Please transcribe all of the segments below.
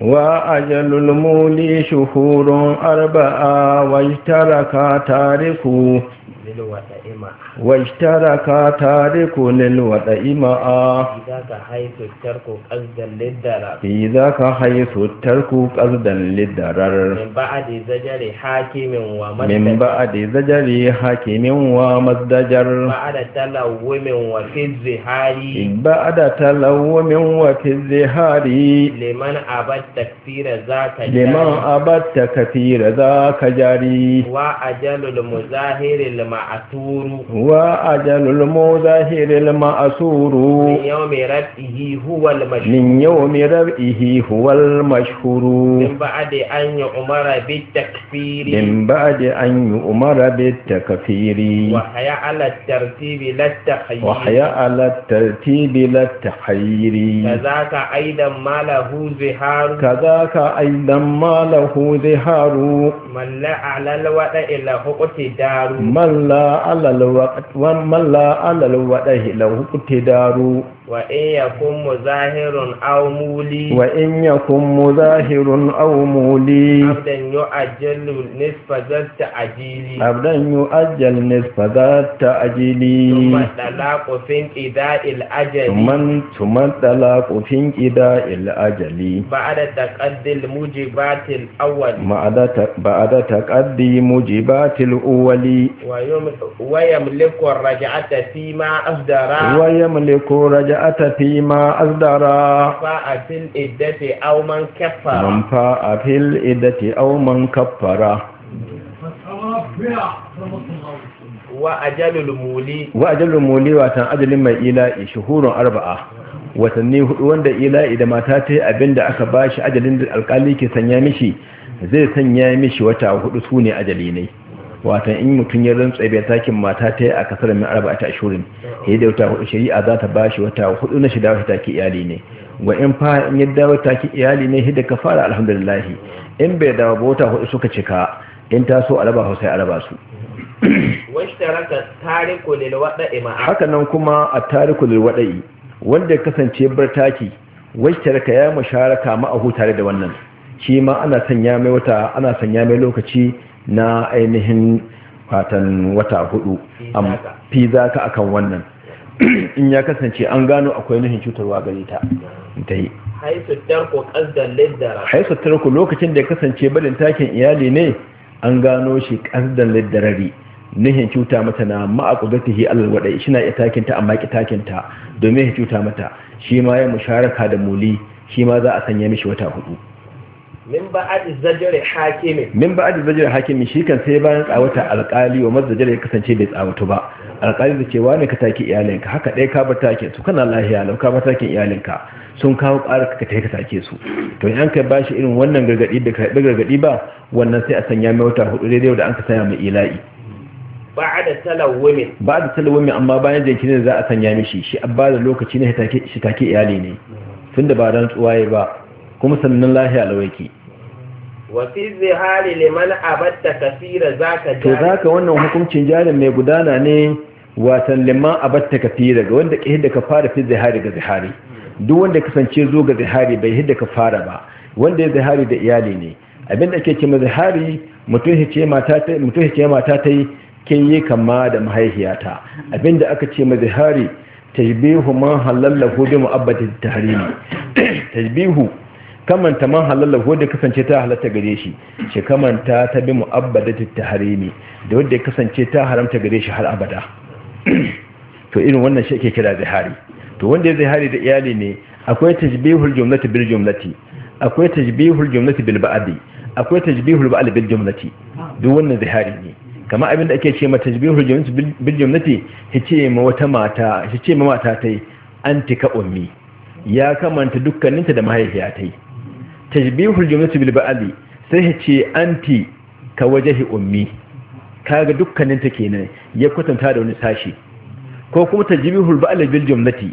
وأجل المولي شهور أربعة واشترك تاركه nil wada'ima wa ishtaraka tariku nil wada'ima idaka haythu tarku qazdan lidarar idaka haythu tarku qazdan lidarar min ba'di zajari hakimin wa madajar min ba'di zajari hakimin wa madajar ba'da talawwi min wa fizhari ba'da talawwi min wa fizhari liman abatta kathira zaka jari liman abatta kathira zaka jari wa ajalul muzahiril ma المعثور هو أجل المظاهر المأسور من يوم ربئه هو المشهور من يوم ربئه هو المشهور من بعد أن يؤمر بالتكفير من بعد أن يؤمر بالتكفير وحيا على الترتيب لا التخيير وحيا على الترتيب لا التخيير كذاك أيضا ما له زهار كذاك أيضا ما له زهار من لا على الوضع إلا هو اقتدار من malla alalau waɗahi lahu kuti daru wa in yakun muzahirun aw muli wa in yakun muzahirun aw muli abdan yu ajjal nisfadat ajili abdan yu ajjal nisfadat ajili tuman tuman talaqu fin ida il ajali ba'da taqaddil mujibatil awwal ma'ada ba'da taqaddi mujibatil awwali wa yum wa yamliku raj'ata fima afdara wa yamliku raj'ata البدعة فيما أصدر فاء في الإدة أو من كفر من فاء wa ajalul muli wa ajalul muli watan ajalin mai ila'i shuhurun arba'a watanni hudu wanda ila'i da mata ta yi abinda aka bashi ajalin da alkali ke sanya mishi zai sanya mishi wata hudu su ne ajali ne watan in mutum ya rantsa bai takin mata ta yi a kasar min arba ta ashirin ya yi da wata hudu shari'a za ta bashi wata hudu na shida wata taki iyali ne wa in fa in ya dawo taki iyali ne hidda ka fara alhamdulillah in bai dawo ba wata hudu suka cika in ta so araba hau sai araba su haka nan kuma a tariku lil wada'i wanda ya kasance bar taki washtaraka ya musharaka ma'ahu tare da wannan shi ma ana sanya mai wata ana sanya mai lokaci na ainihin watan wata hudu a fi za ka akan wannan in ya kasance an gano akwai nuhin cutarwa gani ta ta yi haisu tarko lokacin da ya kasance barin takin iyali ne an gano shi kasdan laddarari nuhin cuta mata na ma'akudatihi hi alwaɗai shi na iya takinta amma ki takinta domin ya cuta mata shi ma ya musharaka da muli shi ma za a sanya mishi wata hudu min ba a hakimi min hakimi shi kan sai bayan tsawata alƙali wa mazajirar ya kasance bai tsawatu ba alƙali da cewa ne ka taki iyalinka haka ɗaya ka bar take su kana lahiya lau ka bar iyalinka sun kawo ƙara ka tai ka take su to in an kai bashi irin wannan gargadi da gargadi ba wannan sai a sanya mai wata hudu daidai da an ka sanya mai ila'i ba da ba'ada talawumi amma bayan jinkirin za a sanya mishi shi abba da lokaci ne shi take iyali ne tun da ba don tsuwaye ba kuma sannan lahiya lawaki wafi zihari liman abatta kafira zaka jari to zaka wannan hukuncin jarin mai gudana ne watan liman abatta kafira ga wanda ke hidda ka fara fi zihari ga zihari duk wanda kasance zo ga zihari bai hidda ka fara ba wanda ya zihari da iyali ne abin da ke ce mazihari mutum ya ce mata ta yi kin yi kama da mahaihiyata abin da aka ce mazihari tajbihu man halallahu bi mu'abbati tahrimi tajbihu kamanta man halalla wanda kasance ta halatta gare shi shi kamanta ta bi ta tahrimi da wanda ya kasance ta haramta gare shi har abada to irin wannan shi ake kira zihari to wanda ya zihari da iyali ne akwai tajbihul jumlati bil jumlati akwai tajbihul jumlati bil ba'di akwai tajbihul ba'd bil jumlati duk wannan zihari ne kama abinda ake ce ma tajbihul jumlati bil jumlati ce ma wata mata ce ma mata tai antika ummi ya kamanta dukkaninta da mahaifiya tajbihul jumlatu bil ba'li sai ce anti ka wajahi ummi kaga dukkanin ta kenan ya kwatanta da wani sashi ko kuma tajbihul ba'li bil jumlati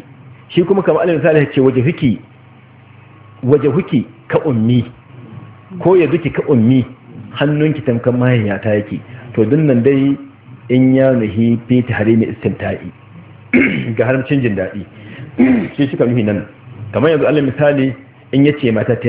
shi kuma kamar alal misali ya ce wajhuki wajhuki ka ummi ko ya duki ka ummi hannunki tamkan ta yake to dinnan dai in ya nuhi fi tahrimi istimta'i ga haramcin jin daɗi shi suka nuhi nan kamar yanzu alal misali in yace mata